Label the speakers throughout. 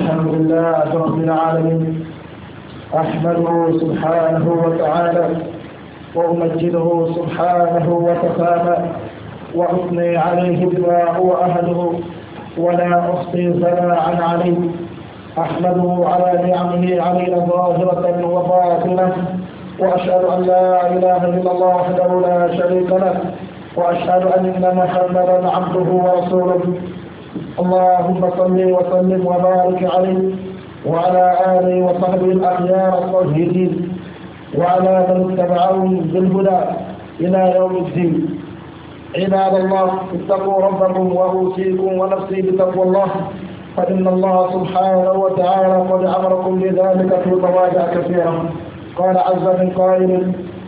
Speaker 1: الحمد لله رب العالمين أحمده سبحانه وتعالى وأمجده سبحانه وتعالى وأثني عليه بما هو أهله ولا أحصي ثناء عليه أحمده على نعمه علينا ظاهرة وباطنة وأشهد أن لا إله إلا الله وحده لا شريك له وأشهد أن محمدا عبده ورسوله اللهم صل وسلم وبارك عليه وعلى آله وصحبه الأخيار الطاهرين وعلى من اتبعهم بالهدى إلى يوم الدين عباد الله اتقوا ربكم وأوصيكم ونفسي بتقوى الله فإن الله سبحانه وتعالى قد أمركم بذلك في مواضع كثيرة قال عز من قائل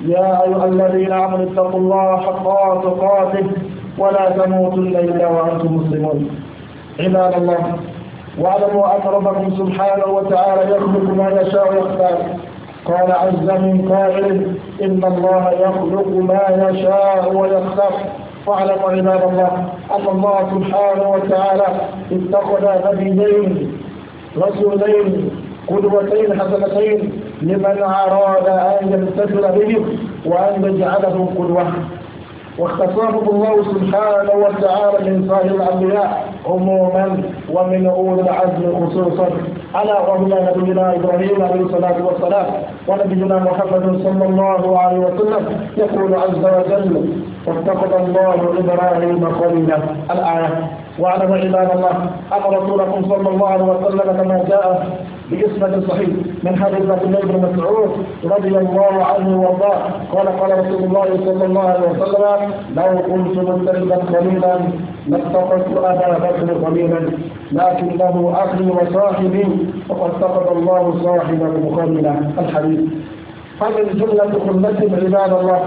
Speaker 1: يا أيها الذين آمنوا اتقوا الله حق تقاته ولا تموتن إلا وأنتم مسلمون عباد الله واعلموا أن ربكم سبحانه وتعالى يخلق ما يشاء ويختار قال عز من قائل إن الله يخلق ما يشاء ويختار فاعلموا عباد الله أن الله سبحانه وتعالى اتخذ نبيين رسولين قدوتين حسنتين لمن أراد أن يمتثل بهم وأن يجعلهم قدوة واختصاصه الله سبحانه وتعالى من صالح الأنبياء عموما ومن أولي العزم خصوصا على وهما نبينا إبراهيم عليه الصلاة والسلام ونبينا محمد صلى الله عليه وسلم يقول عز وجل واتخذ الله إبراهيم خليلا الآية واعلم عباد الله أن رسولكم صلى الله عليه وسلم كما جاء بإسمة صحيح من حديث عبد الله بن مسعود رضي الله عنه وارضاه قال قال رسول الله صلى الله عليه وسلم لو كنت مضطربا قليلا لاتقت أبا بكر قليلا لكنه أخي وصاحبي فقد سقط الله صاحبه قليلا الحديث فمن جملة خلتهم عباد الله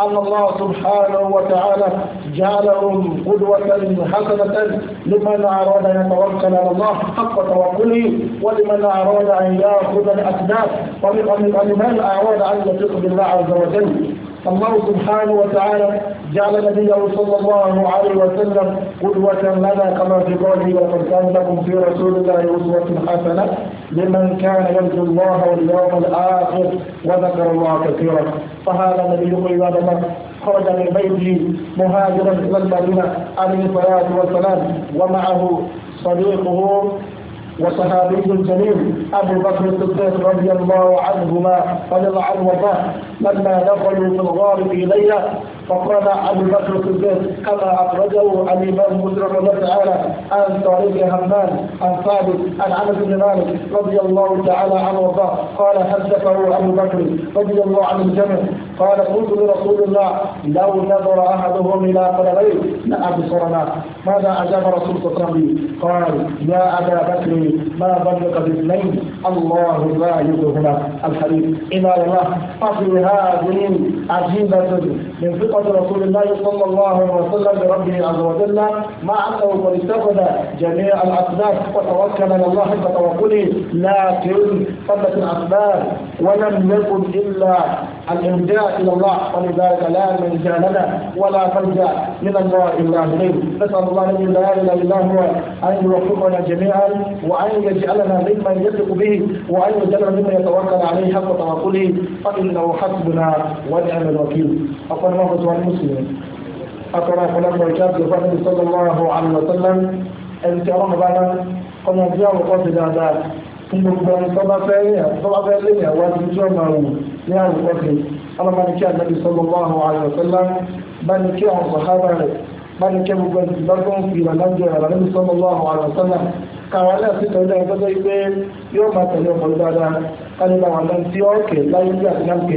Speaker 1: أن الله سبحانه وتعالى جعلهم قدوة حسنة لمن أراد أن يتوكل على الله حق توكله ولمن أراد أن يأخذ الأسباب ومن أراد أن يثق بالله عز وجل فالله سبحانه وتعالى جعل نبيه صلى الله عليه وسلم قدوة لنا كما في قوله ولقد كان لكم في رسول الله أسوة حسنة لمن كان يرجو الله واليوم الآخر وذكر الله كثيرا فهذا نبي عباد الله خرج من بيته مهاجرا إلى المدينة عليه الصلاة والسلام ومعه صديقه وصحابي جليل أبو بكر الصديق رضي الله عنهما رضي الله عنهما لما دخلوا في الغار في ليلة فقال أبو بكر الصديق كما أخرجه الإمام مسلم رحمه الله تعالى عن طريق همام عن ثابت عن أنس بن مالك رضي الله تعالى عنه وارضاه قال حدثه أبو بكر رضي الله عن الجمع قال قلت لرسول الله لو نظر أحدهم إلى قدميه لأبصرنا ماذا أجاب رسول صلى الله عليه وسلم قال يا أبا بكر ما ظنك باثنين الله لا يدهما الحديث إلى الله ففي هذه عجيبة من ثقة رسول الله صلى الله عليه وسلم بربه عز وجل مع أنه قد استفد جميع الأسباب وتوكل على الله بتوكله لكن قلت الأسباب ولم يكن إلا الارجاء الى الله ولذلك لا ملجا لنا ولا فلجا من الله الا اليه نسال الله الذي لا اله الا هو ان يوفقنا جميعا وان يجعلنا ممن يثق به وان يجعلنا ممن يتوكل عليه حق توكله فانه حسبنا ونعم الوكيل اقول الله سبحانه المسلم اقرا كلام بركات لفضل صلى الله عليه وسلم ان ترى بعد قم بها وقصد هذا ثم بان صلى فيه صلى فيه واسجد معه ní àwùjọ sí ọlọ́mọ ní kí ànábì sallallahu alaihi wasallam bá ní kí àwọn sàhábà rẹ̀ bá ní kí gbogbo ẹni bá tó ń fi ìlànà jẹ ànábì sallallahu alaihi wasallam káwọn alẹ́ àti tọ́jú ẹni tọ́jú pé yóò máa tẹ̀lé ọkọ̀ dáadáa ká nínú àwọn ọ̀nà tí ọ̀kẹ́ láyé bí àti náà kè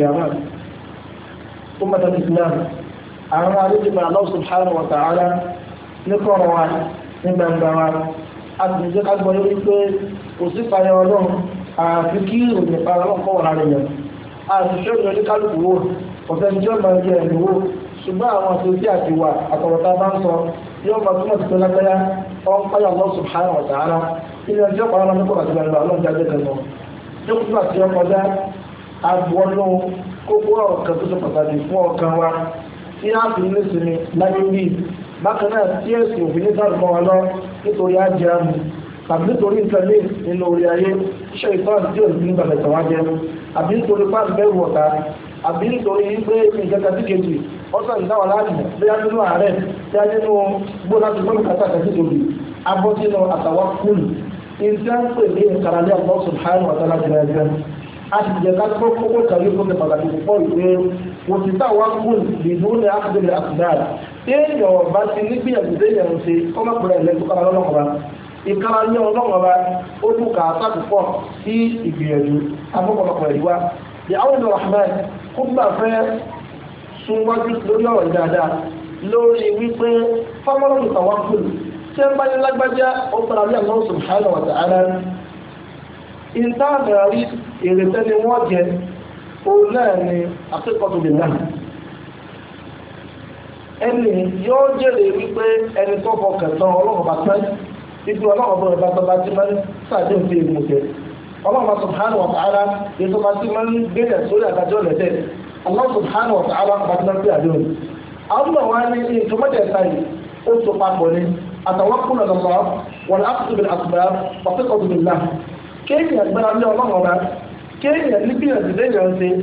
Speaker 1: àmà lọ́wọ́ subhanahu wa ní kọ́rọ̀ wa ní gbangba wa àtìjẹ́ ká gbọ́ lórí pé kò ọlọ́run àfi kí ìròyìn ìpara ọlọ́run kọ́ wà àṣìṣe òyìn oníkálukú wò ọ̀sẹ̀ ní yóò máa yẹ ẹ̀mí wò ṣùgbọ́n àwọn àṣìṣe àti wà àtọ̀rọ̀ta bá ń sọ yóò máa túmọ̀ sí pé ọ̀n páyà Allah subhanahu wa ta'ala ilé ẹjọ́ pàrọ̀ máa ń kọ́ àti ìgbàlódé àwọn ọ̀dọ́ àjẹjẹ lọ. yóò túbọ̀ àti ọkọjá agbọ́nú kókó ọ̀rọ̀ kan tó ṣe pàtàkì fún ọkàn wa tí a fi ní sinmi láyé bíi bákan náà tí èsì òfin ní sáà tàbí nítorí nǹkan lé nínú orí ayé ṣe ìtọ́nà tí òsì nígbà mẹ́ta wá jẹ́ àbí nítorí pàṣẹ bẹ́ẹ̀ wọ̀ta àbí nítorí pé nǹkan kan sí kejì ọ̀sán ìdáwà láàyè bóyá nínú ààrẹ bóyá nínú gbóná ti gbọ́n kàtà kàtà kejì abọ́ sínú àtàwọn kúlù nǹkan pè ní ìkàràlẹ́ Allah subhanahu wa ta'ala jẹ́ ẹgbẹ́ asìjẹta tó kókó kàwé fún mi pàtàkì púpọ̀ ìwé òtítà wa kún ìlú ní àkùdé àkùdá èèyàn ọba ti nígbìyànjú déyàn ṣe kọ́mọ̀pẹ̀rẹ̀ lẹ́tọ́ kára lọ́lọ́kọ̀ọ́ ìkára ní ọlọ́run ọba ó tún kà á sàkùpọ̀ sí ìgbìyànjú afọ́kọ̀lọpọ̀ ìwá di àwọn ìlú rahman kó gbà fẹ́ súnwájú lórí ọ̀rọ̀ dáadáa lórí wípé fámọ́lọ́ nìkan wá kù tí ń bá lágbájá ó fara ní Allah subhanahu wa ta'ala ìtaàbà rí èrè tẹ́lẹ̀ wọ́n jẹ òun náà ni akẹ́kọ̀ọ́ tó náà ẹni yóò jèrè wípé ẹni tó fọkàn tán ọlọ́run bá tán ibi ọlọ́run bọ̀ ìbá tọ́ba tí máa ń sàdé òfin èèmù jẹ ọlọ́run subhanahu wa ta'ala ní tọ́ba tí máa ń gbé yẹn sórí àdájọ́ lẹ́tẹ̀ ọlọ́run subhanahu wa ta'ala bá ti máa ń gbé àdéhùn àwọn náà wá ní ìtòmọ́tẹ̀ẹ̀ta yìí ó so papọ̀ ní àtàwọ́kùn lọ́wọ́ wọn láti tóbi àtùbà ọ̀fẹ́kọ̀ọ́ tóbi ńlá kéèyàn gbára lé ọlọ́run ọba kéèyàn níbi ìrẹ̀sìlẹ́yìn ọ̀sẹ̀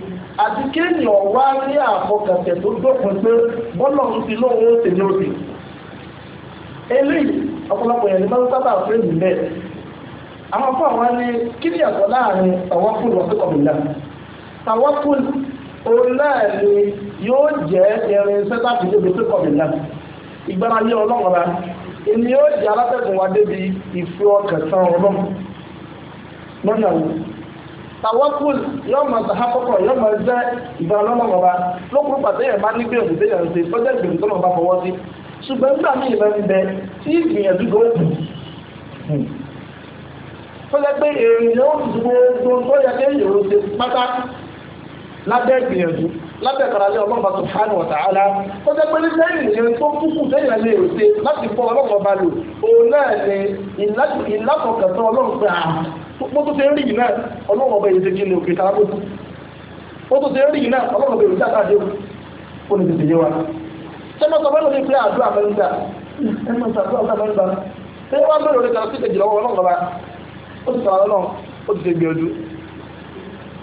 Speaker 1: àti kéèyàn wá ní àfọkàtẹ̀ tó dópin pé bọ́lọ̀ ń fi lóhun ó tèmi òsì eléyìí ọ̀pọ̀lọpọ̀ yẹn ni máa ń sábà fún èyí bẹ́ẹ̀ àwọn afọ àwọn ni kí ni yàtọ̀ láàrin tàwákùl wà síkọ̀ bìlá tàwákùl òun náà ni yóò jẹ́ irinṣẹ́ láti débi síkọ̀ bìlá ìgbára yé ọlọ́run ra èmi yóò jẹ́ alátẹ̀kùn wa débi ìfi ọkàn tán ọlọ́run lọ́nà wo tàwákùl yóò máa sàhá kọ́kọ́ yóò máa jẹ́ ìgbára lọ́nà ọba lókùn pàtẹ́yẹ̀ máa ní gbèrú tẹ́yẹ̀ ń ṣe tọ́jú ìgbèrú tó lọ́ ṣùgbọ́n nígbà míì máa ń tí ìgbìyànjú tó kù ó lẹ pé èèyàn ó dúró tó tó yẹ kí èèyàn ṣe pátá lábẹ́ ìgbìyànjú lábẹ́ ìkàràlẹ́ ọlọ́mọba subhanahu wa ta'ala ó jẹ́ pé ní sẹ́yìn ìyẹn tó kúkú sẹ́yìn lè ṣe láti fọ́ ọlọ́mọba tó ah, ṣe ń rí tó ṣe sẹ́mi ọ̀sán bẹ́ẹ̀ ló ní pé àdúrà mẹ́ta ẹ̀mí ọ̀sán àdúrà mẹ́ta ṣé wọ́n bẹ̀rẹ̀ orí kan sí ìkejì lọ́wọ́ ọlọ́run bá ó ti sọ̀rọ̀ náà ó ti ṣe gbìyànjú.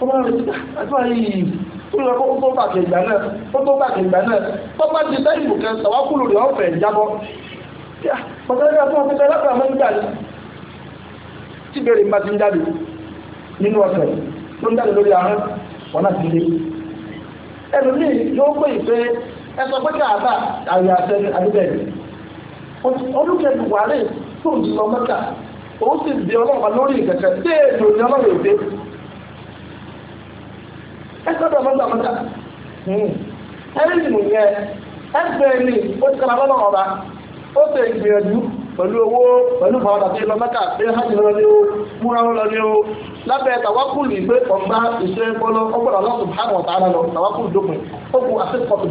Speaker 1: ó máa ń retí àdúrà yìí ó lọ kó tó bàtì ìgbà náà ó tó bàtì ìgbà náà tó bá ti sẹ́yìn bù kan tàwákùlù rẹ̀ ọ̀fẹ́ ìjábọ̀. tí bèrè bá ti ń jáde nínú ọ̀sẹ̀ ló ń jáde lórí ahọ́n wọn láti lé ẹlòmíì yóò pè é pé ẹ sọ pé káàbà àyè àṣẹ àdébẹ̀rẹ̀ ọdún kẹrin wàhálà tó ń lọ mẹ́ta òun sì di ọlọ́ọ̀pá lórí ìkẹ̀kẹ́ tí èèyàn ní ọlọ́run èdè ẹ sọ́dọ̀ mẹ́ta mẹ́ta ẹ̀rí yẹn e ni ó ti kára ó ti gbìyànjú pẹ̀lú owó pẹ̀lú fàwọn àti ìlọ mẹ́ta lọ ní o múra lọ ní o lábẹ́ tàwákùlù ìgbé gbọ́lọ́ ọgbọ́dọ̀ lọ tàwákùlù ó kú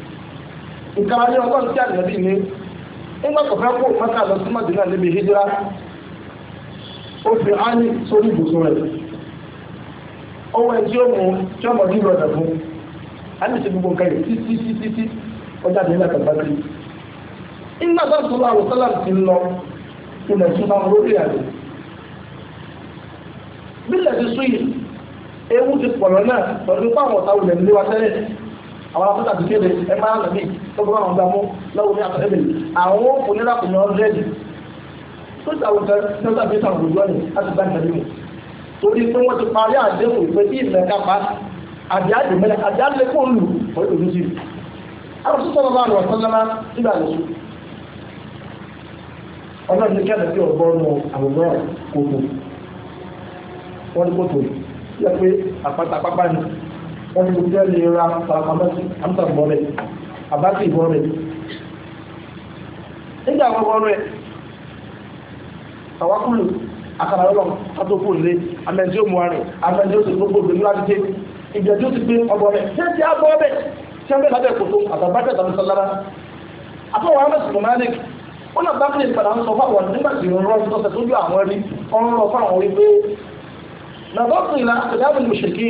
Speaker 1: nke a ọlọ́run tí ànábì ní nígbà tó fẹ́ kó mọ́tà lọ mmadụ mọ́tìlá níbi hijira ó anyị áyí sórí ibùsùn ya ọwọ́ ẹtí ó mú tí ọmọ ní anyị si gbogbo nǹkan yìí títí títí tí ọjà ewu ti àwọn afúnṣà ti kéde ẹ máa ń lẹ́mí tó gbọ́n àwọn gbàmú lọ́wọ́ ní àtọ́lẹ́bẹ̀ àwọn òkú nílá kò ní ọ̀rẹ́dì tó ti àwọn kan ní ọjà bí sàrùn lójú ọ̀nì láti bá ìtàlẹ́ mu torí pé wọ́n ti parí àdéhùn pé bí ilẹ̀ kápá àdéhàdé mẹ́lẹ̀ àdéhàdé kò lù wọ́n lò lójú rẹ̀ àwọn tó sọ̀rọ̀ bá rọ̀ sọ́lá nígbà lóṣù ọlọ́run ní kẹ́lẹ̀ sí ọgbọ́nù àwòrán kòtò wọ́n ní kòtò yẹ pé wọ́n ti gbogbo ẹni ra paramọ́tì amúta bọ́ọ̀rẹ̀ àbátì bọ́ọ̀rẹ̀ nígbà àwọn bọ́ọ̀rẹ̀ tàwákùlù àkàrà lọ́wọ́ àtòkù lé amẹ́ndí ó mú wa rẹ̀ amẹ́ndí ó ti gbogbo ìgbìmọ̀ láti dé ìgbà tí ó ti gbé ọbọ̀ rẹ̀ ṣé ti á bọ́ọ̀rẹ̀ ṣé ń bẹ̀ lábẹ́ kòtò àtàbátẹ̀ tàbí sálára àtọ́wọ́ amẹ́sùn malik wọn náà bákìlì padà ń sọ fáwọn nígbà tí wọn rọrùn tọ́sẹ̀ tó ju àwọn rí ọ̀rọ̀ fáwọn wípé nàbọ́sùn ìlà àtẹ̀dáàbò ní mùsùlùmí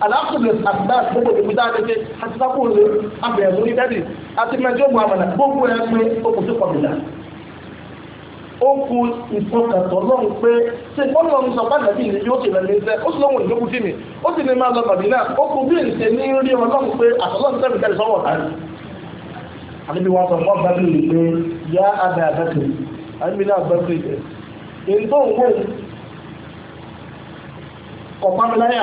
Speaker 1: alákùnrin àgbà gbogbo ìdìbò tá a ti ṣe àti sábòlè abẹ̀rẹ̀ lórí dẹ́rì àti mẹjọ́ mu àmàlà gbogbo ẹ̀ pé ó kò sí kọ̀mìlà. ó ku ìfọkàtọ̀ lọ́hùn pé ṣé bọ́lá ń sọ bàtà bí ìlú yóò ṣe rẹ̀ lẹ́sẹ̀ ó sì lọ́hùn ìjókù sí mi ó sì ní máa lọ màdínà ó kú bí ìṣe ní rí wọn lọ́hùn pé àtọ́lọ́hùn sẹ́mi kẹ́rì sọ́wọ́ ká àbíbi wọn sọ wọn bá bí mi pé yá abẹ àbẹkẹ àbíbi náà bẹkẹ ìtẹ èyí tó ń wọ kọ̀ọ̀pá mi láyà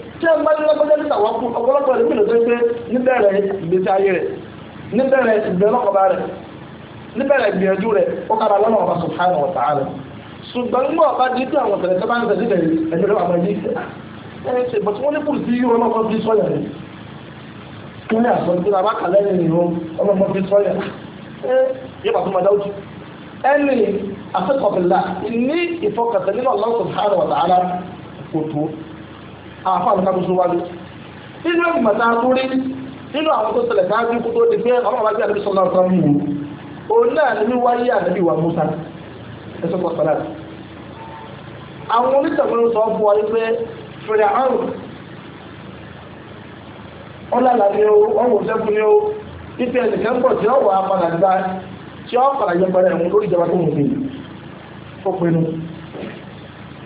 Speaker 1: tí a bá nílẹ̀ kọjá níta wọn kú ọ̀pọ̀lọpọ̀ ẹ̀rọ ìpìlẹ̀ tó ń pé níbẹ̀rẹ̀ ìgbésí ayé rẹ̀ níbẹ̀rẹ̀ ìgbẹ́lọ́kọ̀ọ́bá rẹ̀ níbẹ̀rẹ̀ ìgbìyànjú rẹ̀ ó kára lọ́nà ọba subhanahu wa ta'ala ṣùgbọ́n mọ́ ọba di pé àwọn tẹ̀lé sábà ń tẹ̀lé tẹ̀lé ẹ̀mí lọ́wọ́ àmọ́ yìí ẹ̀yìn ṣe bọ̀tí wọ́n ní kùrù sí yíyọ ọlọ́kọ́ fi sọ́yà rẹ̀ kí ní àṣọ ìpínlẹ̀ abákàlẹ́ ẹ̀yìn ìhun ọlọ́mọ fi sọ́yà yóò bá tún máa dáwọ́jú ẹni àfẹ́kọ̀ọ́bìlà ní ìfọkàtẹ̀ nínú Allah subhanahu wa ta'ala kò tó àfa àlùkà tó so wájú nínú ìgbàta tó rí nínú àwọn tó ṣẹlẹ̀ káàkiri kó tó di pé ọlọ́run wájú àdébí sọ́lá ọ̀sán mú wò òun náà ní wáyé àdébí wa Musa ẹsẹ̀ kọ́ sọ́dá àwọn onítàkùnrin sọ fún wa pé fèrè àrùn ọlọ́lá ni o ọmọ òṣèkú ni o ife ẹnìkan pọ̀ tí ó wà á padà gbá tí ó padà yẹ pẹ̀lẹ́ ẹ̀hún lórí ìjọba tó ń gbé ó pinnu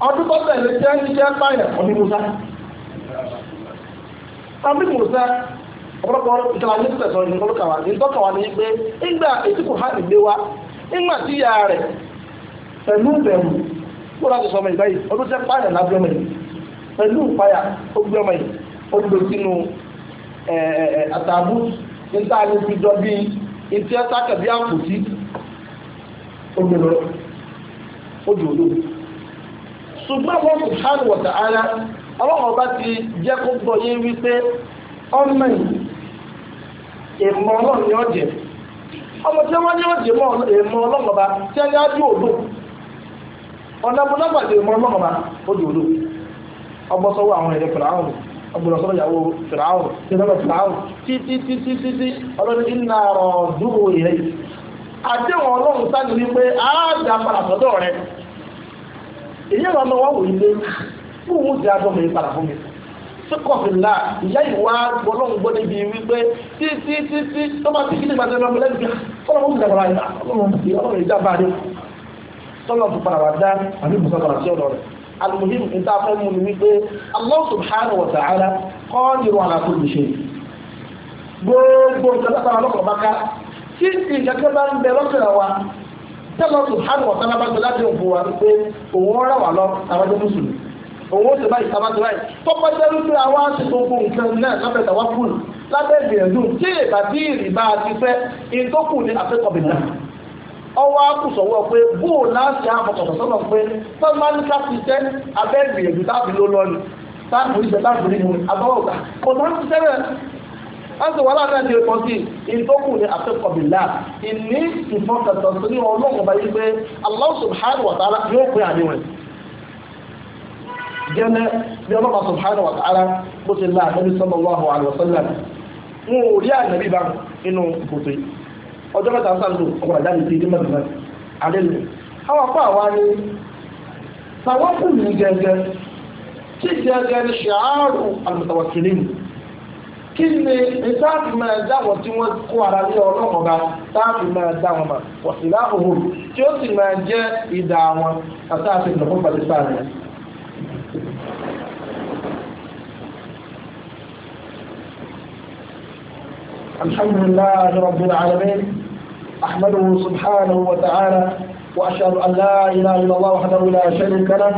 Speaker 1: ọdún tó tẹ̀lé jẹ́ iṣẹ́ báyẹ̀ musa tàbí musa ọ̀pọ̀lọpọ̀ ìjọba ní tẹ̀sán ní ní tọ́kà ní pé ìgbà ètí kò hàn wa ìgbà tí ìyá rẹ̀ pẹ̀lú bẹ̀rù kó láti sọ ọmọ ìgbà yìí ọdún lábẹ́ ọmọ yìí pẹ̀lú ọmọ yìí ṣùgbọ́n wọn subhanahu wa ara ọlọ́run ọba ti jẹ́ kó gbọ́ yé wípé ọmọ ọlọ́run ni ó ọmọ tí wọ́n ní ó mọ́ èèmọ̀ ọlọ́run ọba tí ẹni á dúró ti ọlọ́run ó sọ́wọ́ àwọn ẹ̀rẹ́ ọgbọ́n sọ́wọ́ ìyàwó títí títí èyí ẹ̀rọ ọmọ wa wò ilé fún òun ti adọ́mọ yìí padà fún mi sọkọ̀fìlà ìyá ìwà gbọ́lọ́hún gbọ́ níbi wípé tí tí tí tí tó bá ti kíni gbàdúrà ọmọ lẹ́nu fọlọ́ mú ìjàmbá rà yìí ọlọ́run ìjàmbá rẹ̀ tọ́lọ́ tó padà wà dá àbí bùsọ̀ padà sí ọ̀dọ̀ rẹ̀ alùmùhìm níta fẹ́ mú mi wípé Allah subhanahu wa ta'ala qadiru ala kulli shay gbogbo ìjọba táwọn ọlọ́kọ̀ bá ká tí ìjọba ń bẹ lọ́kọ̀ wa tẹ́lọ̀ subhanahu wa ta'ala bá gbé láti òfin wa pé òun rẹ̀ wà lọ tàbájọ́ mùsùlùmí òun ó sì báyìí tàbájọ́ báyìí tọ́pọ̀ jẹ́ wípé àwa ti gbogbo nǹkan náà lábẹ́ tàwa kù lábẹ́ ìgbìyànjú tí ìgbà tí ìrìbá ti fẹ́ ìtókù ní àfẹ́kọ̀bìnà ọwọ́ àkùsọ̀wọ́ pé bóò láti àfọ̀kọ̀sọ̀ sọ́nà pé tọ́mánìkà ti jẹ́ abẹ́ ìgbìyànjú táàbí ló lọ́ni táàbí ìjẹ́ táàbí nínú abọ́wọ́gbà kò náà ti sẹ́rẹ̀ láti wà láàrin àti ìrẹ̀pọ̀sí ìtọ́kù ní àfẹ́kọ̀bìlá ìní ìfọkàtọ̀ sí ní ọlọ́run ọba yìí pé Allah subhanahu wa ta'ala yóò pín àníwẹ̀ gẹ́lẹ́ bí ọlọ́ba subhanahu wa ta'ala bó ti láà nẹ́bí sallallahu alaihi wasallam wọn ò rí ànẹ́bí bá inú ìkòtò yìí ọjọ́ mẹ́ta ń sàlù ọkọ̀ àdáni mẹ́ta àwọn àwa ni gẹ́gẹ́ tí gẹ́gẹ́ kí ni ìtààfì máa dá wọn tí wọ́n kó ara ní ọlọ́mọba táàfì máa dá wọn mà wọ̀sílá òhùn tí ó sì máa jẹ́ ìdá wọn àtààfì ìdàgbọ́n pàdé sáà yẹn. الحمد لله رب العالمين أحمده سبحانه وتعالى وأشهد أن لا إله إلا الله وحده لا شريك له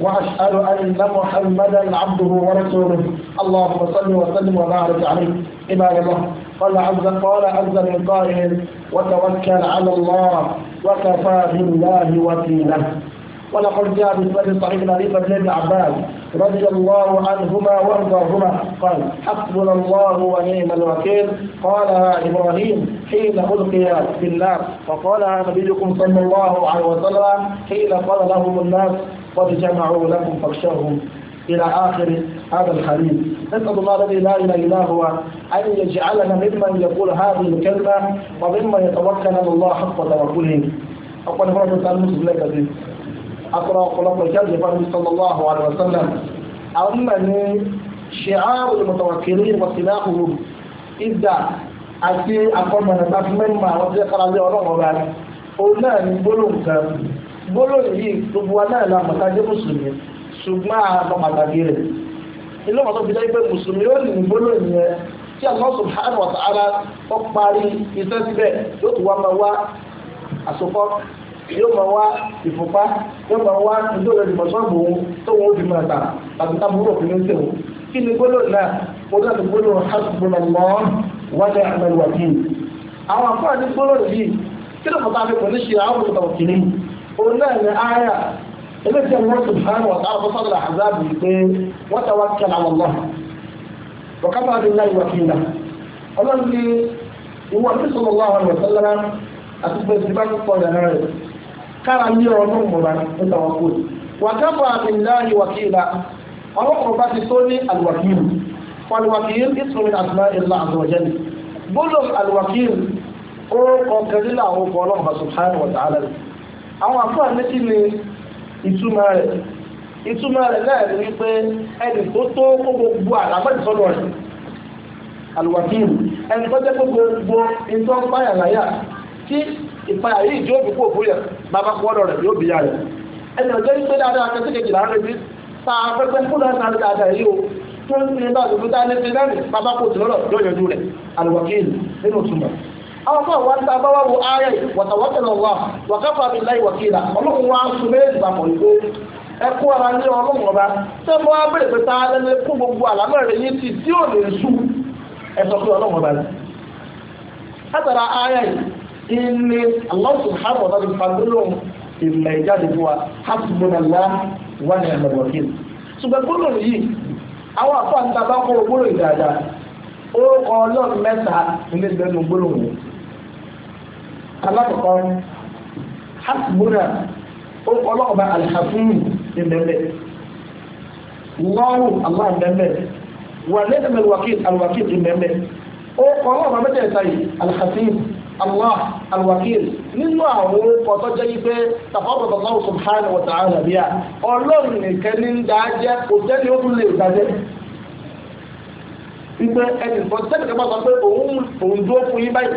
Speaker 1: وأشهد أن محمدا عبده ورسوله اللهم صل وسلم وبارك عليه عباد الله قال عز قال عز من قائل وتوكل على الله وكفى بالله وكيلا ولقد جاء في سنة صحيح الحديث عن ابن عباس رضي الله عنهما وارضاهما قال حسبنا الله ونعم الوكيل قالها ابراهيم حين القي في النار وقالها نبيكم صلى الله عليه وسلم حين قال لهم الناس قد جمعوا لكم فاخشوهم إلى آخر هذا الحديث نسأل الله الذي لا إله إلا هو أن يجعلنا ممن يقول هذه الكلمة وممن يتوكل على الله حق توكله أقول مرة تعالى مسلم لك ذي أقرأ قلوب الكلمة صلى الله عليه وسلم أما شعار المتوكلين وسلاحهم إذا أتي أقول من الناس مما وزيقر عليه الله وبعد قلنا نقول كذلك gbólóhùn yìí gbogbo wa náà la mọ̀tájé mùsùlùmí ṣùgbọ́n àwọn pàtàkì rẹ̀ ilé wọn tó fi jẹ́ pé mùsùlùmí ó nìyí gbólóhùn yẹn tí Allah subhanahu wa ta'ala ó parí iṣẹ́ síbẹ̀ yóò tún wá máa wá àsopọ̀ yóò máa wá ìfúnpá yóò máa wá ìjọ rẹ̀ ìmọ̀ sọ́ọ̀bù òun tó wọn fi máa tà tàbí tábúrò òfin ní tèwọ́ ni gbólóhùn náà ó náà ní gbólóhùn hasbunallah wa ni'mal wakeel àwọn àfọwọ́ ní gbólóhùn yìí kí ló fọ́ta fi pẹ̀lú ṣe àwọn olùkọ́ òun náà ní àyà eléyìí àwọn subhanahu wa ta'ala fọ́sọ́ àdàlà àzáàbù pé wọ́n ta wá kẹ́lá wọn lọ. wọ́kàtà àti náà ìwà fi nà ọlọ́run ní ìwọ àti sọ̀rọ̀ wà wọn lọ́sọ̀ lára àti pé ìdíbà tó pọ̀ yàrá rẹ̀ kára ní ọ̀rọ̀ mọ̀ra ní tàwọn kò ní. wàkàtà àti náà ìwà fi nà ọlọ́kùnrin bá ti tó ní àlùwàkìlù fọlùwàkìlù ìsúnmi àtúná ìlà àtúwọ̀jẹ́ni gbọ́dọ̀ àlùwàkìlù ó kọ̀ọ̀kẹ́lélà àwọn ọkọ̀ ọlọ́kùnrin subhanahu wa ta'ala rẹ̀ àwọn àfúrà méjì ni ìtumọ̀ rẹ̀ ìtumọ̀ rẹ̀ náà ni wípé ẹni tó tó kó gbogbo àlámọ́tì sọ́dọ̀ rẹ̀ àlùwàkìlù ẹni tó jẹ́ kó gbogbo ìtọ́ páyà láyà tí ìpayà yìí jó òbí kó bóyá bàbá kó ọ̀dọ̀ rẹ̀ yóò bí yá rẹ̀ ẹni ọjọ́ ìpè dáadáa kẹsí kejì láàárín bí tá a fẹ́ fẹ́ fún náà sáré dáadáa yìí o tó ń fi bá àdúgbò dá ní ti náà ní bàbá kó tìlọ́rọ̀ yóò yanjú rẹ̀ àlùwàkìlù nínú ìtumọ̀ àwọn fún àwọn tá a bá wà wo ayé wàtàwọ́tẹ̀lọ̀ wà wàkàfà mi láì wàkìlà ọlọ́run wa ń sun méjì papọ̀ ìgbó ẹ kó ara ní ọlọ́run ọba tẹ́ mo wá bèrè pé ta lẹ́nu kó gbogbo àlámọ̀rẹ́ yín ti tí ò lè sú ẹ sọ pé ọlọ́run ọba rẹ̀ látara ayé ìní alọ́sùn hàbọ̀ náà ti fa ìjáde fún wa hasbunallah wà ní ẹ̀mọ̀ wọ̀kìlì ṣùgbọ́n gbólóhùn yìí àwọn àfọ̀ àti tàbá kọ́ gbólóhùn dáadáa ó kọ́ ọlọ́run mẹ́ta nílé ìgbẹ́nu alákọ̀ọ́ hasbuna ọlọ́ọ̀bá alhafun ìbẹ̀bẹ̀ wọ́ọ̀rù allah ìbẹ̀bẹ̀ wà lẹ́dẹ̀mẹ̀ alwakil alwakil ìbẹ̀bẹ̀ ó ọlọ́ọ̀bá mẹ́tẹ̀ẹ̀ta yìí alhafun allah alwakil nínú àwọn ọkọ̀ jẹ́ yí pé tàfọ́bọ̀tọ̀ náà subhanahu wa ta'ala bíyà ọlọ́run nìkan ní ń dájẹ́ kò jẹ́ ni ó tún lè dájẹ́ wípé ẹnì kan bá sọ pé òun dúró fún yín báyìí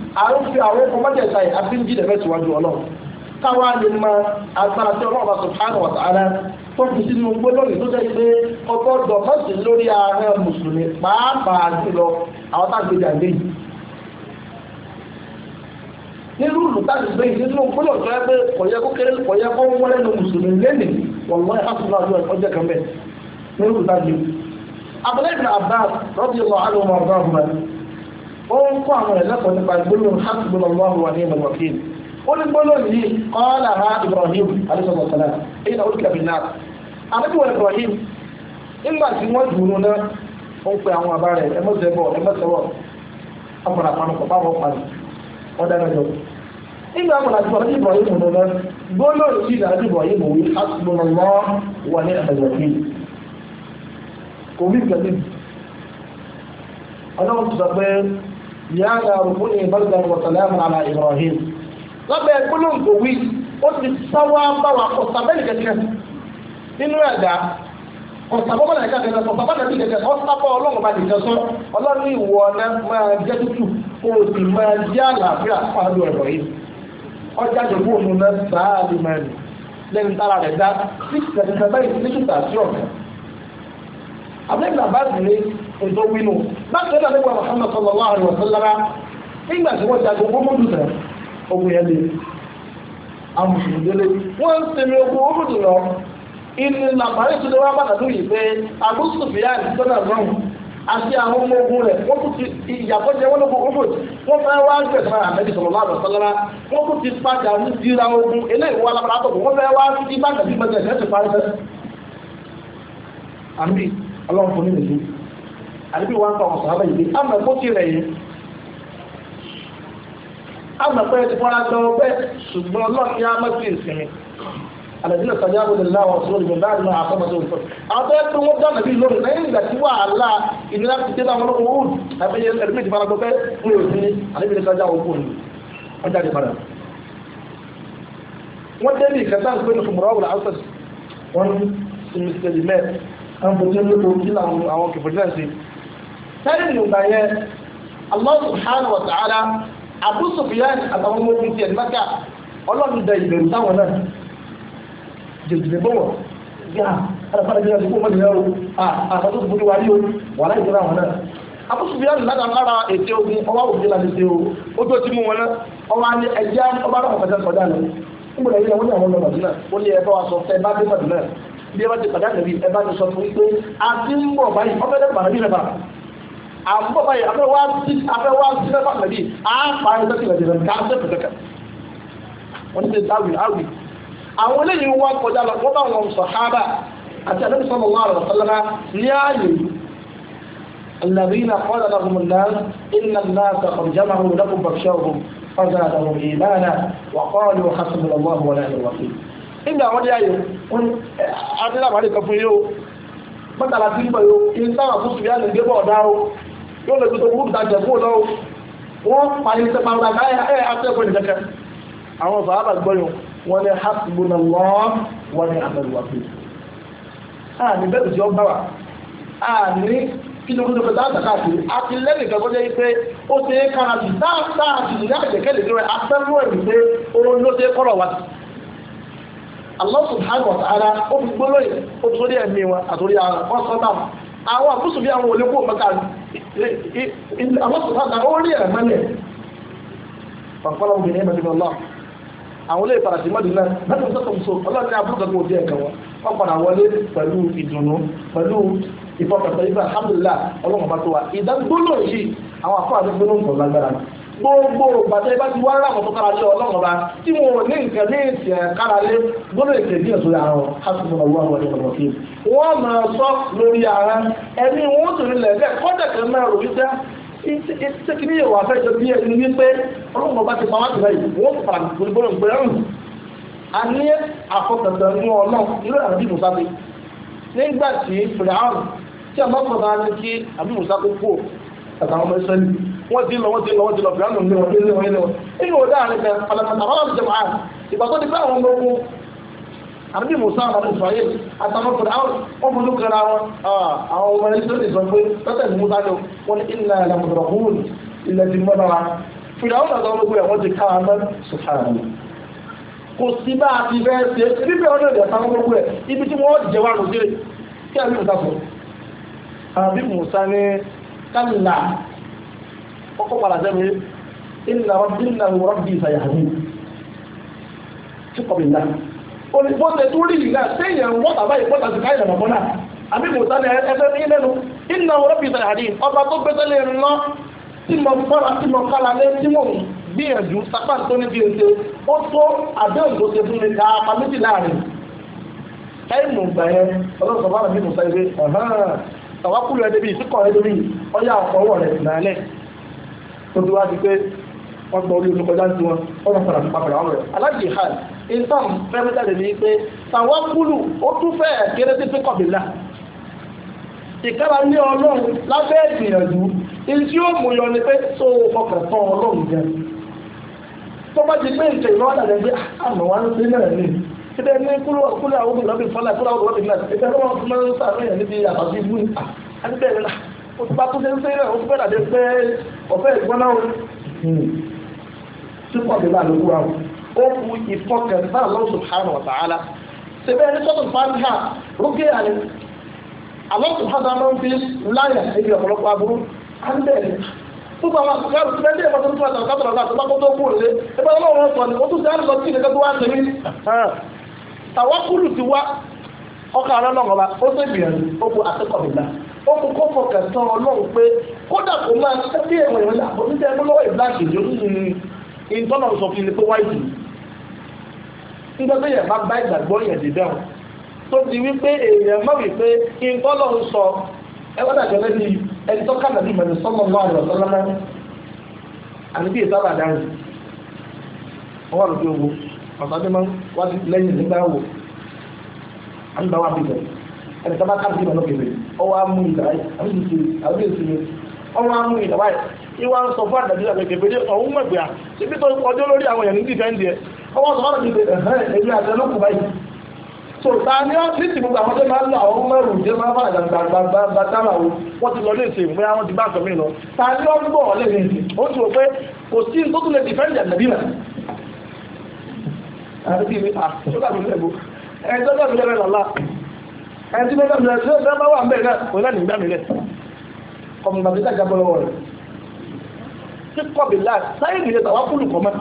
Speaker 1: à ń fi àwọn ẹ̀kọ́ mọ́tẹ̀ẹ̀ta yìí àti ń jílẹ̀ bẹ́ẹ̀ síwájú ọlọ́run káwa lè mọ agbára tí ọlọ́run bá subhanahu wa ta'ala tó fi sínú gbólóhùn tó jẹ́ pé ọgbọ́dọ̀ mọ́sí lórí ààrẹ mùsùlùmí pàápàá jùlọ àwọn tágbèjà ilé yìí. nínú olùtàgbègbè yìí nínú gbólóhùn tó yẹ pé kọ̀yẹ́ kó kéré kọ̀yẹ́ kó ń wọlé nu mùsùlùmí lẹ́nu wọ̀n wọ́n yà fún ọjọ́ kan bẹ́ẹ̀ nínú olùtàgbègbè. abúlé ibn Abbas radiyallahu anhu ó ń kó àwọn ẹ̀lẹ́kọ̀ọ́ nípa gbólóhùn hàtì gbólóhùn ọ̀hún wà ní ìmọ̀ ó ní yìí kọ́lá ha Ibrahim alisọ́sọ̀ sọ́lá èyí náà ó kìlà bìnnà àbẹ́bí Ibrahim nígbà tí wọ́n dùnú náà ó ń pe àwọn àbá rẹ̀ ẹmọ́sẹ̀bọ̀ ẹmọ́sẹ̀wọ̀ ọkùnrin àpanupọ̀ báwọn pa wọ́n dáná jọ nígbà wọn àti ọdún Ibrahim nù náà yìí Ibrahim wí yàrá rukuni baldan wa salamu ala ibrahim lábẹ́ gbólóhùn wí ó ti sáwá kò kẹ̀kẹ́ nínú ẹ̀dá kò sábọ́ kẹ̀kẹ́ kò sábọ́ kẹ̀kẹ́ kò sábọ́ ọlọ́run bá ọlọ́run ìwọ ọ̀nà máa o sì máa jẹ́ àlàáfíà yìí ọjà òun náà sáà lè abẹ́gbẹ́ àbáàdìlé ètò wínú bákan náà nígbà Muhammad sallallahu alaihi wa sallam nígbà tí wọ́n ti àgbo gbómọdù tẹ̀ ogun yẹn lé amùsùlùmí wọ́n ń sinmi ogun gbómọdù lọ ìní làbárí tó lọ́wọ́ bàtàdú yìí pé Abu Sufyan sọ́nà náà àti àwọn ọmọ ogun rẹ̀ wọ́n tún ti ìyàtọ̀ jẹ́ wọ́n ogun fẹ́ wá gbẹ̀sán sọ̀rọ̀ láàbọ̀ sọ́lára ogun eléyìí ọlọ́run fún mi nìyí àdébí wọn kọ ọ̀sán abẹ́ yìí àmọ̀ ẹ̀kọ́ ti rẹ̀ yìí àmọ̀ pé ti fọ́nrán gbọ́ bẹ́ẹ̀ ṣùgbọ́n ọlọ́run ní àmọ́ sí ìsinmi àlẹ́dínlẹ̀ sọ̀rọ̀ yàgò ní láwọn ọ̀sán olùgbọ̀n bá àdínà àfọ́mọ́sọ òfò àwọn tó yẹ kí wọ́n dáná bí lórí lẹ́yìn ìgbà tí wàhálà ìnira ti dé láwọn olóko wúd àbí ẹ̀dínlẹ̀ ìdìbò alágbó pé wọ́n yóò dín àlẹ́bìnrin sọ́jà òkú ni wọ́n jáde padà. wọ́n dé ní ìkẹta ìpinnu fún mọ̀rọ̀ ọ̀gbọ̀n àwọn sọ̀rọ̀ wọ́n ti mr limet àwọn bòtẹ́ ló tó kí àwọn kìfòjìlá ṣe sẹ́yìn yẹn Allah subhanahu wa ta'ala Abu Sufyan àtàwọn ọmọ ogun tiẹ̀ Mẹ́kà ọlọ́run da ìbẹ̀rù táwọn náà jẹjẹrẹ bọ̀wọ̀ yá alábàdà jẹ́ àdúgbò mọ́lẹ̀ náà o àtàwọn tó wa rí wà láì jẹ́ àwọn náà Abu Sufyan lára lára ètè ogun ọwọ́ òfin láti ṣe o ó tó ti mú wọn náà ọwọ́ á bí ẹ bá ti padà nàbí ẹ bá ti sọ fún pé a ti ń bọ̀ báyìí ọ̀fẹ́ dẹ́ bàrà bí rẹ̀ bàrà à ń bọ̀ báyìí afẹ́ wá sí afẹ́ wá sí fẹ́ bá nàbí à ń pa ẹ̀ sẹ́kì nàbí ká ń sẹ́kì sẹ́kì wọ́n ti dáwì áwì àwọn eléyìí wá kọjá lọ wọ́n bá wọn sàhábà àti àdébí sọ́mọ wọn àrọ̀ sọ́lọ́lá ní ààyè الذين قال لهم الناس إن الناس قد nígbà wọn dé ayé adéla wà nìkan fún yìí o mọ́tàlá tí ń bọ̀ yìí o kì í sábà fún sùgbọ́n àgbègbè bọ̀ ọ̀dá o yóò lè tuntun fún ìtajà fún ọ̀dọ́ o wọ́n parí sẹ́ pàmò àgbà ẹ̀ ẹ̀ àtẹ̀kọ́ ìdẹ́kẹ́ àwọn sàhábà gbọ́ yìí wọ́n ní hasbunallah wọ́n ní amẹ́lúwàbí. a ní bẹ́ẹ̀ tí ó bá wa a ní kìlómítà pẹ̀lú àtàkàtì àti lẹ́yìn ìgbàgbọ́ jẹ́ pé ó ti kára jù dáadáa jù ní àjẹkẹ́lẹ̀ Allah subhanahu wa ta'ala ó fi gbólóyè ó fi sórí ẹ̀mí wọn àtòrí ara wọn sọ náà àwọn àkóso bí àwọn olè kó mẹ́ta Allah subhanahu wa ta'ala ó rí ẹ̀rẹ̀ mẹ́lẹ̀ pàǹpálá obìnrin ẹ̀mẹ́dínlá Allah àwọn olè ìparadì mọ́dínlá mẹ́ta ń sọ́kọ̀ sọ ọlọ́run ní abúlé kankan òdi ẹ̀kẹ́ wọn wọ́n padà wọlé pẹ̀lú ìdùnnú pẹ̀lú ìfọkàntán ibà alhamdulillah ọlọ́run bá tó wa ìdágbólóyè àwọn àkọ́ gbogbo bàtẹ́ bá ti wá rà mọ́tò kára lé ọlọ́run ọba tí mo ní nǹkan ní ìsìn kára lé gbọ́dọ̀ ìsìn ní ẹ̀sọ́ ara wọn káàtó mo wà wọlé ọ̀rọ̀ kí. wọ́n máa sọ lórí ara ẹni wọ́n tún lẹ̀ bẹ́ẹ̀ kọ́dà kan náà rò wípé ìtẹ́kìní ìwà afẹ́jọ bí ẹni wípé ọlọ́run ọba ti pa wá tìlẹ̀ yìí wọ́n fara gbọ́dọ̀ gbẹ́rùn. a ní àfọkàntà ní ọlọ́run irú àbí mùsàbí nígbà tí fìlà àrùn tí àbọ̀kọ̀ bá ní kí àbí mùsàbí kú àtàwọn ọmọ wọ́n ti lọ wọ́n ti lọ wọ́n ti lọ fìlànà ní wọ́n ti lé wọn ilé wọn nínú ọ̀dà àrẹ kan alamata wọn láti jẹun àrùn ìgbà tó ti pẹ́ àwọn ọmọ ogun àbí musa àti israel àtàwọn ọkùnrin àwọn ọmọdé kan àwọn àwọn ọmọ israel sọ pé tọ́tẹ̀ ní musa ló wọn ní ìlànà ìlànà hùn ilẹ̀ ti mọ́ nára fìlànà àtàwọn ọmọ ogun ẹ̀wọ̀n ti ká àmọ́ sùkàrà kò sí bá a ti fẹ́ ṣe bíbẹ́ ọdún ìdí musa sọ àbí Ọ kó padà sẹ́mi ìlà rọ́bì ìlà rọ́bì ìfàyàmù tí kọ̀ bìlá. olùbọ́sẹ̀ tó rí ìlà sẹ́yìn àwọn wọ́n tàbá sí káyọ̀ lọ́mọ náà àbí mùsà ni ẹgbẹ́ mi lẹ́nu rọ́bì ọba tó gbẹ́sẹ̀ lé lọ tí mo fọ́ra tí mo lé tí mo gbìyànjú tó ní ó tó àdéhùn tó fún mi ká apá méjì láàrin gbà yẹn bá tó ti wá di pé wọ́n gbọ́ orí omi kọjá sí wọn wọ́n máa padà fún papàdà wọn rẹ̀ aláàjì hàn islam fẹ́ẹ́ jáde ní pé tàwákùlù ó tún fẹ́ kéré sí pẹ́kọ̀bìlà ìkára ní ọlọ́run lábẹ́ ìgbìyànjú ìdí ó mú yọ ni pé tó o fọkàn tán ọlọ́run jẹ tó bá ti pé ìtẹ̀ ìlú àdàlẹ́ pé ah, àmọ́ wa ń gbé náà ní ìdẹ́ ní kúrò kúrò àwọn obìnrin lọ́bìn fọlá kúrò àwọn obìnrin náà òtúbá tó ṣe ń sẹ́yìn náà ó fẹ́ dàbí pé ọ̀fẹ́ o tí pọ̀ nígbà ló o ó kú ìfọkàn náà Allah subhanahu wa ta'ala ṣẹbẹ́ ẹni sọ́tò fàájà rúkè àlẹ́ Allah subhanahu máa ń fi láyà ebi ọ̀pọ̀lọpọ̀ aburú á ń bẹ̀rẹ̀ àwọn akọ̀kọ̀ àrùn tí wọ́n dé ìfọ̀tò tó àtàwọn tó ó mú kó fọkàn tán ọlọ́run pé kódà kó máa tẹ́lẹ̀ ẹ̀wọ̀n ìwọ̀n làbọ̀ níta ẹgbẹ́ lọ́wọ́ ìbláàkì ìjọ ìtọ́nà sọ fún ilé pé wáìtì nígbà tó bá bá ìgbàgbọ́ yẹn tó ti wí pé èèyàn má wí pé ìtọ́nà sọ ẹni tó kàdà àti bí ọwọ́ ọ̀sán ẹni tó bá ká bí ìmọ̀lọ́ kébé ọwọ́ amú ìdàwáyé àbí ìsinmi àbí ìsinmi ọwọ́ amú ìdàwáyé ìwà ń sọ fún àdàbíyà pé kébé ọ̀hún mẹ̀gbẹ́ à síbi tó kọjọ́ lórí àwọn èèyàn ní dìfẹ́ǹdì ẹ̀ ọwọ́ sọ fún àdàbíyà ẹ̀mí àtẹnukù báyìí so ta ni wọn ti ti gbogbo àwọn tó máa ń lọ àwọn mẹ́rù jẹ́ máa bá gbàgbàgbà tára o wọ́n ti lọ léèṣe ìwé àwọn ti bá àgbà mí lọ ta ni wọ́n gbọ́ ọ lẹ́yìn ó ti rò pé kò sí tó tún lè dìfẹ́ǹdì àdàbí rẹ̀ àti bí mi à tó dàbí lẹ́gbọ́ ẹ̀ tó dàbí lẹ́gbẹ̀ẹ́ lọ́la ẹni tí mẹ́ta mìíràn tí ó sábà wà bẹ́ẹ̀ náà òun náà nígbà mìíràn kọ̀mùgbà tí ká jábọ́ lọ́wọ́ rẹ̀ tí kọ̀bì láà sáyé ìdílé tàwa kúlù kọ́ mọ́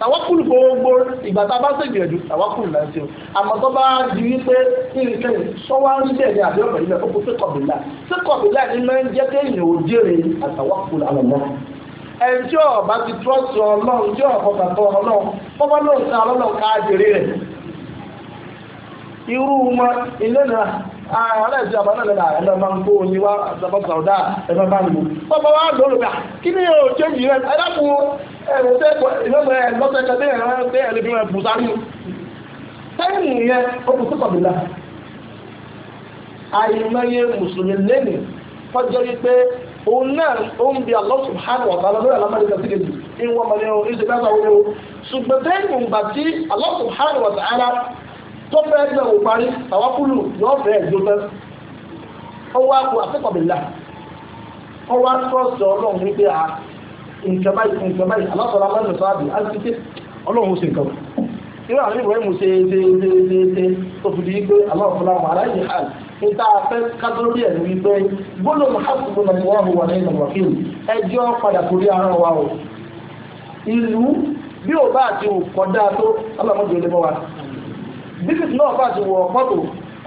Speaker 1: tàwa kúlù gbogbo ìgbà tá a bá ṣègbìyànjú tàwa kúlù là ń o àmọ́ tó bá di wípé nǹkan sọ́wọ́ ń bẹ̀ ní àbí ọ̀pẹ̀ nílẹ̀ kókó tí kọ̀bì láà tí kọ̀bì láà ní máa ń jẹ́ kéèyàn ò jèrè àtàwa kúlù àlọ́ ẹnjọ́ bá ti trọ́ọ̀sì ọlọ́run jọ́ ọ̀pọ̀ bàtọ́ ọlọ́run irú wọn ilé náà na. ìjọ àbá lẹ́nà máa ń kó wá máa ń wa bá ah, kí ni yóò rẹ ìlọ́gbẹ̀ yẹn ó kù sí kọ̀bìlà mùsùlùmí lẹ́nì òun náà ó ń bi kan ìwọ̀n mọ̀lẹ́ o o ṣùgbọ́n tẹ́yìn tó fẹ́ ẹgbẹ́ wò parí àwọn kúlù yóò fẹ́ ẹ̀dùn tán ọwọ́ àpò àfẹ́kọ̀bìlà ọwọ́ àtúrọ̀sì ọlọ́run wípé a nǹkan báyìí nǹkan báyìí alásọ̀rọ̀ amáyé nìkan àbí alásìké ọlọ́run ó ṣe nǹkan irú àwọn ìwé mu ṣe ṣe ṣe ṣe ṣe tó fi di wípé aláwọ̀fọlá wà láyé hàn níta afẹ́ kátólógì ẹ̀ wípé gbọ́dọ̀ mọ̀hásùkú náà wọ́n hùwà ní ìnàwọ̀kìlì ẹjọ́ padà torí ara wa o ìlú bí ò bá àti òkọ̀dá tó ọlọ́mọdé olè mọ́ wa bísí náà bá ti wọ̀ mọ́tò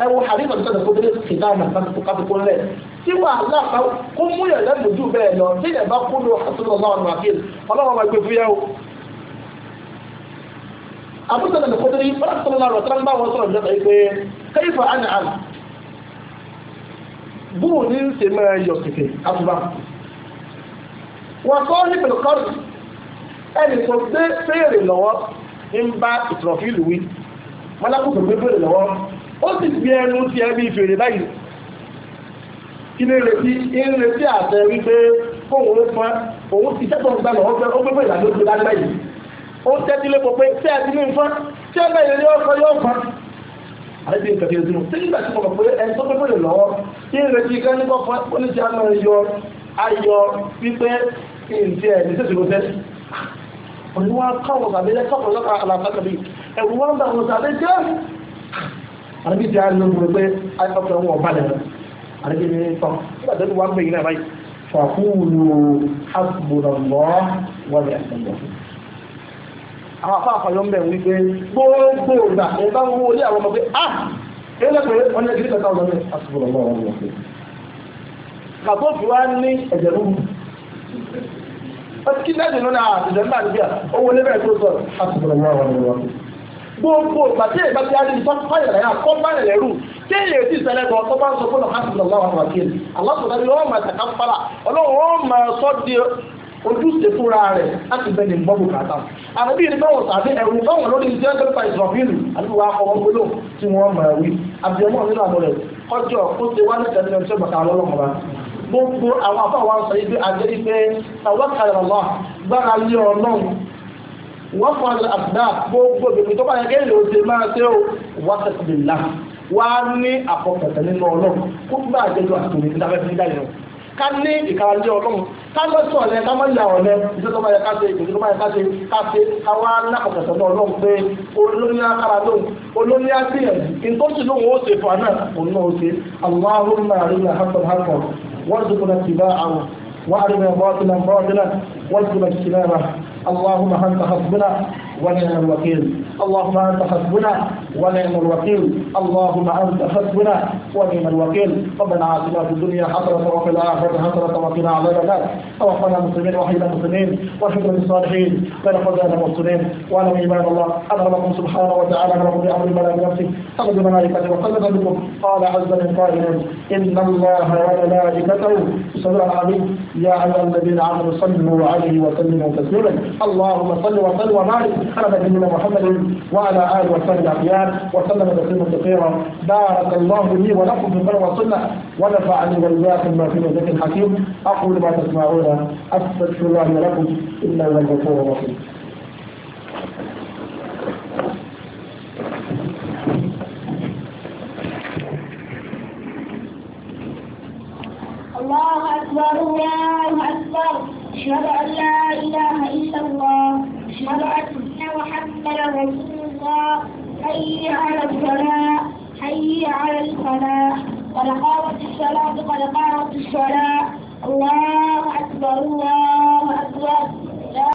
Speaker 1: ẹ wo àríwá tó tẹ̀lé kókéré kì náà nà ká tó kápẹ́ kún lẹ̀ tí wà láàpá kó mú yẹn lẹ́nu jù bẹ́ẹ̀ lọ tí yẹn bá kú lọ àtúntò náà nù àfihàn ọlọ́wọ́ máa gbé fúyẹ́ o. àbúrò tẹ̀lé kókéré fọlọ́tò tó lọ́rọ̀ tó ń bá wọn sọ̀rọ̀ nígbà pé kẹ́yìfà á nà á bóun ní ń ṣe máa yọ kìkì àtúbà. wọ́n sọ ọ́ nípìnlẹ̀ kọ́rì ẹnì kan fẹ́ẹ̀rẹ̀ lọ́wọ́ ń bá ìtọ̀fíìlù wí mọ́lákùtù gbé bèrè lọ́wọ́ ó sì fi ẹnu ti ẹbí fèrè báyìí kí ni retí ń retí àtẹ wípé fóun ló fún òun ti sẹ́tọ̀ gbà lọ́wọ́ pé ó gbégbé ìlànà òjò lágbà yìí ó tẹ́tí lé pọ̀ pé tẹ́ ẹ ti ní nǹkan tí ẹgbẹ́ yẹn yóò fọ́ yóò fọ́ àti bí nǹkan fi ẹ̀sìn mọ̀ tí nígbà tí mo mọ̀ pé ẹni tó gbégbé lọ́wọ́ kí n retí ká ní kọ́kọ́ ó ní ti àná yọ ayọ̀ wípé kí n tiẹ̀ ní sẹ́sìn ló fẹ́ ẹ̀rù wọn bá wọn sàbẹ̀ jẹ́ àdébí ti àná ló pé ọkọ̀ wọn ọba dẹ̀ àdébí ni tọ́ nígbà tó ti wá ń pè yín náà báyìí fàkúùlù àbùrọ̀mọ́ wọ́n rẹ̀ ẹ̀sẹ̀ àwọn afá àfàyọ́ mbẹ̀ wípé gbogbo ìgbà ìgbà ń wọlé àwọn ọmọ pé ah ẹlẹ́pẹ̀ ọ̀nà ìdílé kẹta ọ̀dọ́ ní àtúbọ̀lọ̀ náà wọ́n wọ́n wa ní ẹ̀jẹ̀ lóhùn ọtí kí náà dì lọ́nà àtẹ̀jẹ̀ ńlá níbíà owó lébẹ̀rẹ̀ tó sọ àtúbọ̀lọ̀ náà wọ́n wọ́n pé gbogbo ìgbàtí ìgbà tí a rí ìtọ́ fáyà lẹ́yà kọ́ fáyà lẹ́rù tí èyí ti ṣẹlẹ̀ gan tó bá ń sọ fún alhamdulilayi wa rahmatulahi alhamdulilayi wọn máa tẹ̀ka fara ọlọ́run wọn máa sọ di ojúṣe fúnra rẹ̀ láti bẹ̀rẹ̀ ń gbọ́bù kàtà àbí ìdí báwọn tàbí ẹ̀rù báwọn lórí ìdí ẹgbẹ́ pa ìsọ̀fíìlì àbí wàá kọ́ wọn gbóló tí wọ́n máa wí àbíọ́mọ́ nínú àbọ̀ rẹ̀ ọjọ́ ó ti wá ní tẹ̀lé ẹni tó bàtà ọlọ́run ọba gbogbo àwọn afọ àwọn sọ ibi àjẹ́ ife tàwọn kàrọ̀ lọ gbára lé ọlọ́run wọ́n fún àwọn àbúdá gbogbo ìgbìmọ̀ tó bá yẹ kéèyàn ó ṣe máa ṣe ó wá tẹ̀sílẹ̀ ńlá wá ní àfọkàntẹ̀ nínú ọlọ́run kó gbà àjẹjọ àtòrí ìdáfẹ́ fi dáyẹ̀ náà ká ní ìkàràjẹ ọlọ́run ká lọ sí ọ̀lẹ́ ká má ọ̀lẹ́ ìṣẹ́ tó bá yẹ ká ṣe tó bá yẹ ká ṣe ká wá ní àkọsẹ̀ ọlọ́run pé olóní akára lóhùn olóní àtìyànjú وارزقنا اجتنابه اللهم انت حسبنا ونعم الوكيل اللهم أنت حسبنا ونعم الوكيل اللهم أنت حسبنا ونعم الوكيل ربنا اعطنا في الدنيا حسنة وفي الآخرة حسنة وقنا عذاب النار توفنا مسلمين وحيد المسلمين وشكرا للصالحين بين خزائن المسلمين وانا عباد الله انا ربكم سبحانه وتعالى ربكم بأمر بلا بنفسه أخذ الملائكه وقلد بكم قال عز من قائل إن الله وملائكته صلى على يا أيها الذين آمنوا صلوا عليه وسلموا تسليما اللهم صل وسلم وبارك على سيدنا محمد وعلى آله وصحبه الأخيار وسلم تسليما كثيرا بارك الله لي ولكم في القرآن والسنة ونفعني وإياكم ما في ذكر الحكيم أقول ما تسمعون أستغفر الله لكم الا هو الغفور الرحيم الله أكبر الله أكبر أشهد أن لا إله إلا الله أشهد أن محمد رسول الله حي على الصلاة حي على الصلاة قد قامت الصلاة قد قامت الصلاة الله أكبر الله أكبر